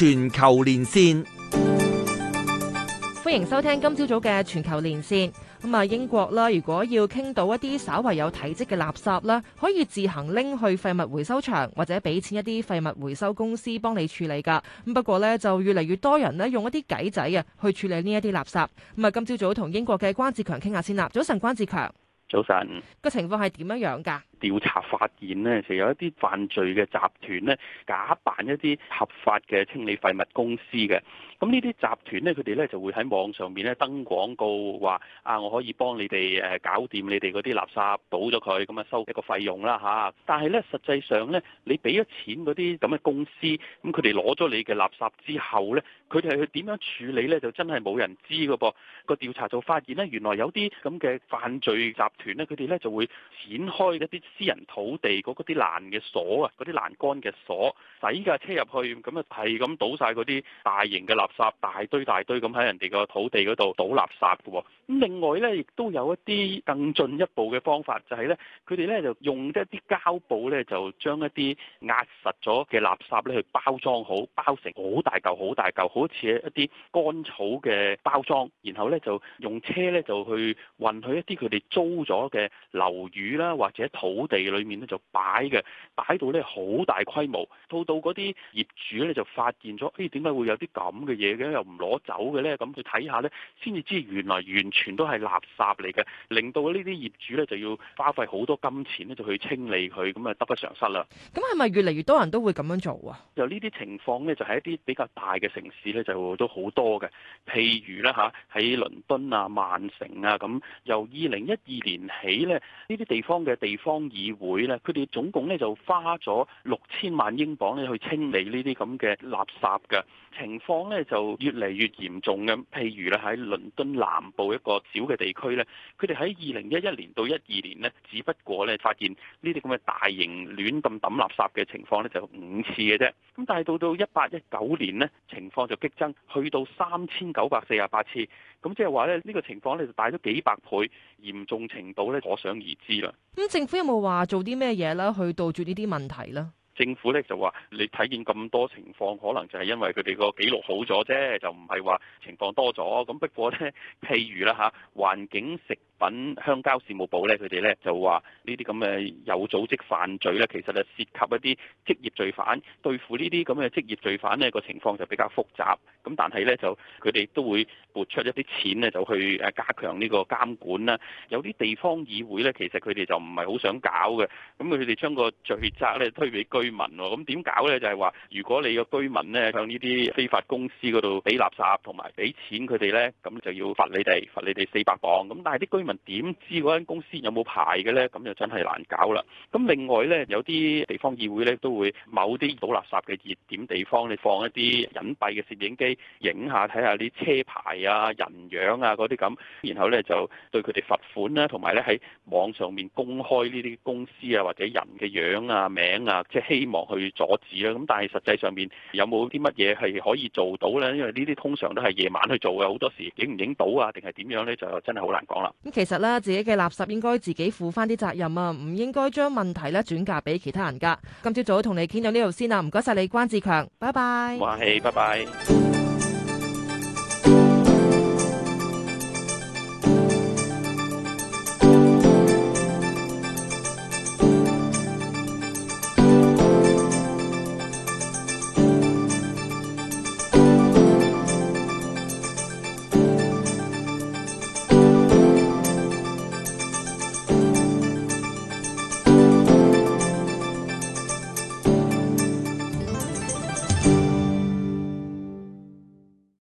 全球連線，歡迎收聽今朝早嘅全球連線。咁啊，英國咧，如果要傾到一啲稍為有體積嘅垃圾咧，可以自行拎去廢物回收場或者俾錢一啲廢物回收公司幫你處理噶。咁不過咧，就越嚟越多人咧用一啲計仔啊去處理呢一啲垃圾。咁啊，今朝早同英國嘅關志強傾下先啦。早晨，關志強，早晨，個情況係點樣樣噶？調查發現呢，就有一啲犯罪嘅集團呢，假扮一啲合法嘅清理廢物公司嘅。咁呢啲集團呢，佢哋呢就會喺網上面呢登廣告，話啊，我可以幫你哋誒搞掂你哋嗰啲垃圾，倒咗佢，咁啊收一個費用啦嚇。但係呢，實際上呢，你俾咗錢嗰啲咁嘅公司，咁佢哋攞咗你嘅垃圾之後呢，佢哋係去點樣處理呢？就真係冇人知噶噃。個調查就發現呢，原來有啲咁嘅犯罪集團呢，佢哋呢就會展開一啲，私人土地嗰啲欄嘅鎖啊，嗰啲欄杆嘅鎖使架車入去，咁啊係咁倒晒嗰啲大型嘅垃圾，大堆大堆咁喺人哋個土地嗰度倒垃圾嘅，咁另外咧，亦都有一啲更進一步嘅方法，就係咧，佢哋咧就用一啲膠布咧，就將一啲壓實咗嘅垃圾咧去包裝好，包成好大舊好大舊好似一啲乾草嘅包裝，然後咧就用車咧就去運去一啲佢哋租咗嘅樓宇啦，或者土。土地裏面咧就擺嘅，擺到咧好大規模，到到嗰啲業主咧就發現咗，誒、哎，點解會有啲咁嘅嘢嘅，又唔攞走嘅咧？咁佢睇下咧，先至知原來完全都係垃圾嚟嘅，令到呢啲業主咧就要花費好多金錢咧，就去清理佢，咁啊得不償失啦。咁係咪越嚟越多人都會咁樣做啊？由呢啲情況咧，就係一啲比較大嘅城市咧，就都好多嘅，譬如咧吓喺倫敦啊、曼城啊咁。由二零一二年起咧，呢啲地方嘅地方議會咧，佢哋總共咧就花咗六千萬英鎊咧去清理呢啲咁嘅垃圾嘅情況咧，就越嚟越嚴重嘅。咁譬如咧喺倫敦南部一個小嘅地區咧，佢哋喺二零一一年到一二年呢，只不過咧發現呢啲咁嘅大型亂咁抌垃圾嘅情況咧就五次嘅啫。咁但係到到一八一九年呢，情況就激增，去到三千九百四十八次。咁即係話咧呢個情況咧就大咗幾百倍，嚴重程度咧可想而知啦。咁政府有冇？話做啲咩嘢啦，去杜絕呢啲問題啦。政府咧就話，你睇見咁多情況，可能就係因為佢哋個記錄好咗啫，就唔係話情況多咗。咁不過咧，譬如啦吓，環境食。品鄉郊事務部咧，佢哋咧就話呢啲咁嘅有組織犯罪咧，其實啊涉及一啲職業罪犯，對付呢啲咁嘅職業罪犯呢個情況就比較複雜。咁但係咧就佢哋都會撥出一啲錢咧，就去誒加強呢個監管啦。有啲地方議會咧，其實佢哋就唔係好想搞嘅。咁佢哋將個罪責咧推俾居民喎。咁點搞咧？就係話如果你個居民咧向呢啲非法公司嗰度俾垃圾同埋俾錢佢哋咧，咁就要罰你哋罰你哋四百磅。咁但係啲居民。點知嗰間公司有冇牌嘅呢？咁就真係難搞啦。咁另外呢，有啲地方議會呢，都會某啲倒垃圾嘅熱點地方，你放一啲隱蔽嘅攝影機影下，睇下啲車牌啊、人樣啊嗰啲咁，然後呢，就對佢哋罰款啦，同埋呢喺網上面公開呢啲公司啊或者人嘅樣啊名啊，即係希望去阻止啦。咁但係實際上面有冇啲乜嘢係可以做到呢？因為呢啲通常都係夜晚去做嘅，好多時影唔影到啊，定係點樣呢？就真係好難講啦。其實咧，自己嘅垃圾應該自己負翻啲責任啊，唔應該將問題咧轉嫁俾其他人噶。今朝早同你傾到呢度先啦，唔該晒你，關志強，拜拜。話係，拜拜。